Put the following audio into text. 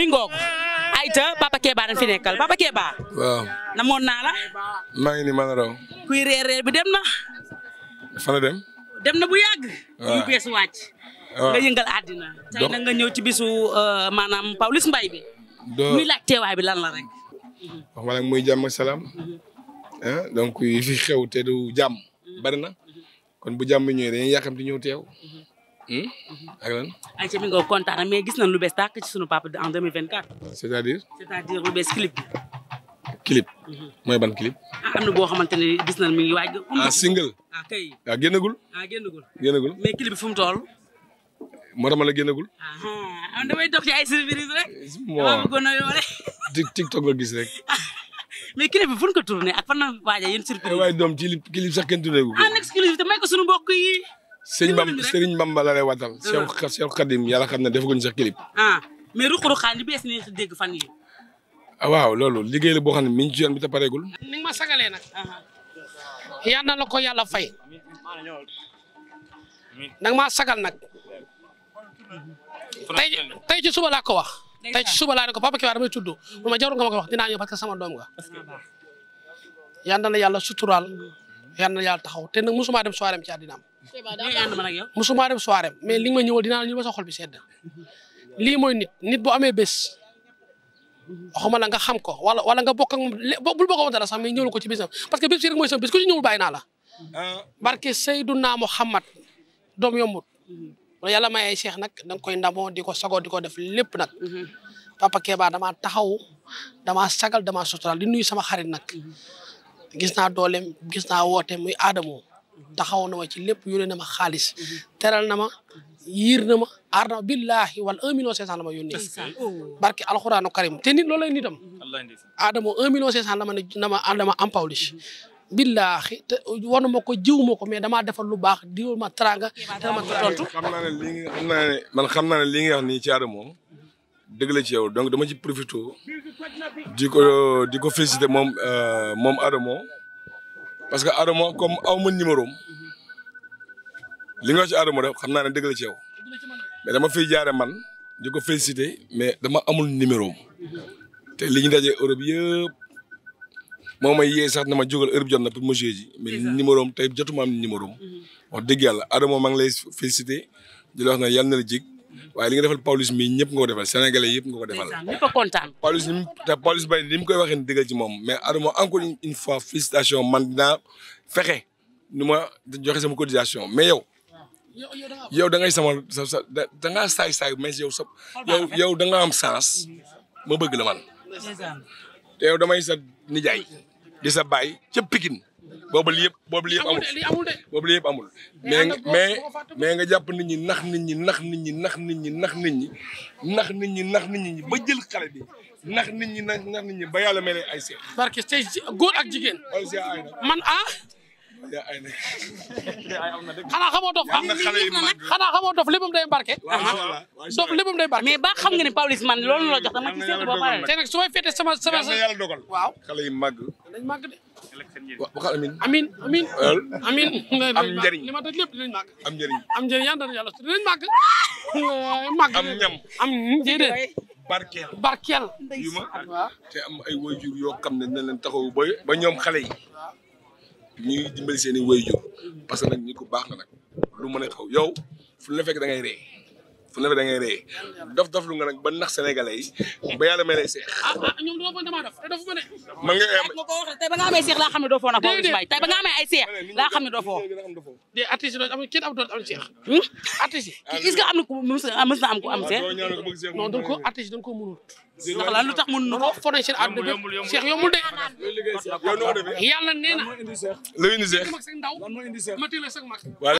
mi ngoog ayta Papa Keba dañ fi nekkal Papa Keba. waaw namoon naa la. maa ngi ni man kuy reer bi dem na. fan la dem. dem na bu yàgg. waaw ñu bees wàcc. nga yëngal àddina. tey na nga ñëw ci bisu euh, maanaam Pawlish Mbaye bi. doo muy laaj teewaay bi lan la rek. wax ma nag muy jàmm ak salaam. Mhm. Ah, donc yi fi xew te du jàmm. Mhm. bari kon bu jàmm ñëwee dañuy yàkkamti ñëw teew. Mhm. ma hmm? mhm. lan. ayca mi na lu bees tàkk ci sunu papa en 2024. c'est-à-dire. c'est-à-dire lu bees clip clip. Mhm. mooy ban clip. ah am na boo xamante ni gis nañ mi ngi waaj. a ah, single. ah kay ah génnagul. Ah, clip bi fu mu toll. moo tax ma la génnagul. ah, ah damay toog ci ay services rek. waaw bëggoon na yoo rek. tik tiktok la clip bi fu ñu ak fan la waaj a yéen surprise. waaye doom ci clip sax kenn tourné gu ko. en exclusivité may ko sunu mbokk yi. sëriñ Bam sëriñ Bamba la lay watal. Seexu Xadim yàlla xam ne defaguñ sax clip. ah mais ruq-ruqaan li bees ni dégg fan yi ah, waaw loolu liggéey la boo xam ne mi ngi ci yoon ni nga ma sagalee nag. Ah. yal na la ko yàlla fay. nag maa sagal nag. tey tey ci laa ko wax. tey ci suba laa ko papa Kibar damay tudd. ma jarul nga ma ko wax dinaa ñëw parce que sama doom nga. yal na la yàlla suturaal. yal na yàlla taxaw te nag mosuma dem soirée ci musuma dem soirée mais li nga ma ñëwal dinaa la ñu ba sa xol bi sedd lii mooy nit nit boo amee bés waxuma la nga xam ko wala wala nga bokk ak moom bul bokk moom dara sax mais ñëwul ko ci bésam parce que bés bi rek mooy sama bés ku ci ñëwul bàyyi naa la ah. barke Seyduna Muhammad doom yombut wala yàlla may ay cheikh nag danga koy ndamoo di ko sagoo di ko def lépp nag Papa Keba damaa taxaw damaa sagal damaa sutural di nuyu sama xarit nag gis naa dooleem gis naa woote muy aadamoo taxaw na ma ci lépp yónnee na ma xaalis mhm. teral na ma yiir na ma aar na ma billahi wala un million cinq cent la ma yónnee oh. barke alxuraanu karim te nit loolu lay mhm. nitam adamo un million cinq ma ne na ma dama am Pawlish mhm. ma ko jiw ma ko mais damaa defal lu baax diwul ma teraanga te ma tontu xam naa ne lii nga man xam naa ne lii nga ci adamo dëgg la ci yow donc dama ci profité di ko di ko félicité moom euh, moom adamo parce que Adama comme aw ma numéro li nga wax ci Adama def xam naa ne dëgg ci yow mais dama fiy jaare man di ko félicité mais dama amul numéro te li ñu dajee Europe yëpp moo may yee sax na ma jógal heure bi jot na pour ma jouer ji mais numéro am tey jotuma am numéro am mhm. wax dëgg yàlla Adama maa ngi lay félicité di la ne yàlla la jig waaye li nga defal Pawlish mii ñëpp nga ko defal sénégalais yëpp nga ko defal. ñëpp a kontaan. Pawlish ni mu te Pawlish Mbaye ni mu koy waxee dëggal ci moom mais Adama encore une fois félicitation man dinaa fexe nu ma joxe sama cotisation mais yow. yow da ngay sama sa sa da ngaa saay saay mais yow sa yow da nga am sens ma bëgg la man. te yow damay sa nijaay di sa baay ca Pikine. boobu lii yëpp boobu lii amul boobu lii yëpp amul. mais mais mais nga jàpp nit ñi nax nit ñi nax nit ñi nax nit ñi nax nit ñi nax nit ñi nax nit ñi ba jël xale bi nax nit ñi nax nit ñi ba yàlla mel ay seet. barke tey góor ak jigéen. man ah. xanaa xamoo dof xanaa xamoo dof léppam day barke dof léppam day barke mais ba xam nga ne Pawlish man loolu la jox dama ci seetu ba te nag su may fete sama sama yàlla dogal xale yi màgg dañ màgg de waxal amin amin amin amin am njëriñ li ma toj lépp dinañ màgg am njëriñ am njëriñ yàlla yàlla dinañ màgg màgg am ñam am déedéet barkeel barkeel yu ma te am ay waajur yoo xam ne dina leen taxaw ba ba ñoom xale yi ñuy dimbali seen i wayjur parce que nag nit ku baax la nag lu mën a xaw yow fu la fekk da ngay fu ne da ngay ree dof dof lu nga nag ba nax sénégalais yi ba yàlla may lay seex. ah ah ba nga amee seex laa xam ne doo foo nag. déedéet ba nga amee ay seex laa xam foo. de artiste yi amul kenn am seex. Hmm? artiste yi est-ce que am na ku na am ku am ah, seex. non dañ ko artiste dañ ko mënut. ndax lan lu tax mënuñu ko foree seen àdduna seex yombul de. yàlla na. lu indi seex. lu indi seex.